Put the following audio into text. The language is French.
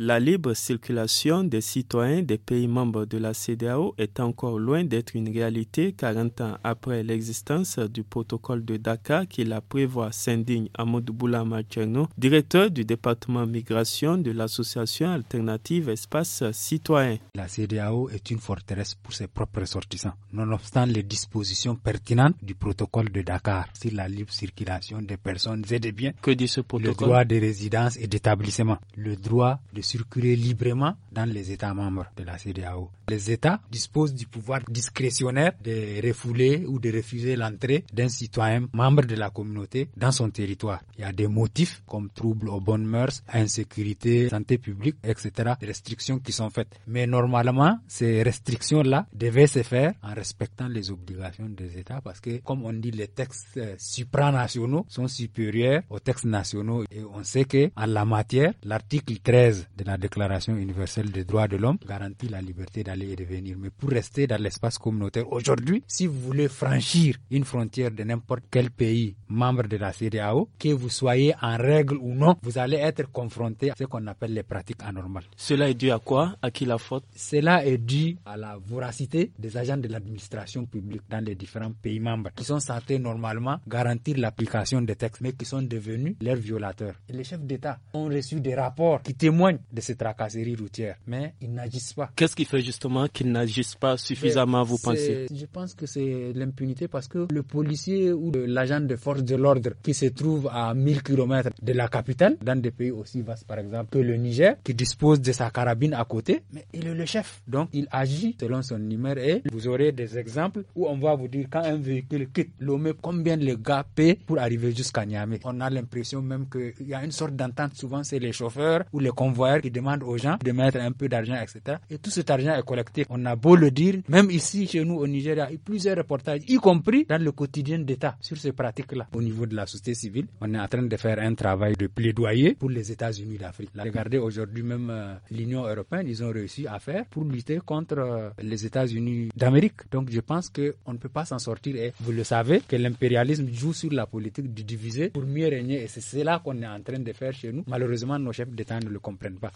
la libre circulation des citoyens des pays membres de la CDAO est encore loin d'être une réalité 40 ans après l'existence du protocole de Dakar qui la prévoit, s'indigne Amadou Boulama directeur du département migration de l'association alternative Espace Citoyen. La CDAO est une forteresse pour ses propres ressortissants, nonobstant les dispositions pertinentes du protocole de Dakar sur la libre circulation des personnes et des biens. Que dit ce protocole Le droit de résidence et d'établissement, le droit de circuler librement dans les États membres de la CDAO. Les États disposent du pouvoir discrétionnaire de refouler ou de refuser l'entrée d'un citoyen membre de la communauté dans son territoire. Il y a des motifs comme troubles aux bonnes mœurs, insécurité, santé publique, etc. Des restrictions qui sont faites. Mais normalement, ces restrictions-là devaient se faire en respectant les obligations des États parce que, comme on dit, les textes euh, supranationaux sont supérieurs aux textes nationaux et on sait que, en la matière, l'article 13 de la Déclaration universelle des droits de l'homme garantit la liberté d'aller et de venir. Mais pour rester dans l'espace communautaire aujourd'hui, si vous voulez franchir une frontière de n'importe quel pays membre de la CDAO, que vous soyez en règle ou non, vous allez être confronté à ce qu'on appelle les pratiques anormales. Cela est dû à quoi À qui la faute Cela est dû à la voracité des agents de l'administration publique dans les différents pays membres qui sont censés normalement garantir l'application des textes mais qui sont devenus leurs violateurs. les chefs d'État ont reçu des rapports qui témoignent de ces tracasseries routières. Mais ils n'agissent pas. Qu'est-ce qui fait justement qu'ils n'agissent pas suffisamment, vous pensez Je pense que c'est l'impunité parce que le policier ou l'agent de force de l'ordre qui se trouve à 1000 km de la capitale, dans des pays aussi vastes par exemple que le Niger, qui dispose de sa carabine à côté, mais il est le chef. Donc il agit selon son numéro et vous aurez des exemples où on va vous dire quand un véhicule quitte l'OME, combien le gars paie pour arriver jusqu'à Niamey. On a l'impression même qu'il y a une sorte d'entente, souvent c'est les chauffeurs ou les convoyeurs qui demande aux gens de mettre un peu d'argent, etc. Et tout cet argent est collecté. On a beau le dire, même ici, chez nous, au Nigeria, il y a plusieurs reportages, y compris dans le quotidien d'État, sur ces pratiques-là. Au niveau de la société civile, on est en train de faire un travail de plaidoyer pour les États-Unis d'Afrique. Regardez aujourd'hui même euh, l'Union européenne, ils ont réussi à faire pour lutter contre euh, les États-Unis d'Amérique. Donc je pense qu'on ne peut pas s'en sortir. Et vous le savez, que l'impérialisme joue sur la politique de diviser pour mieux régner. Et c'est cela qu'on est en train de faire chez nous. Malheureusement, nos chefs d'État ne le comprennent pas.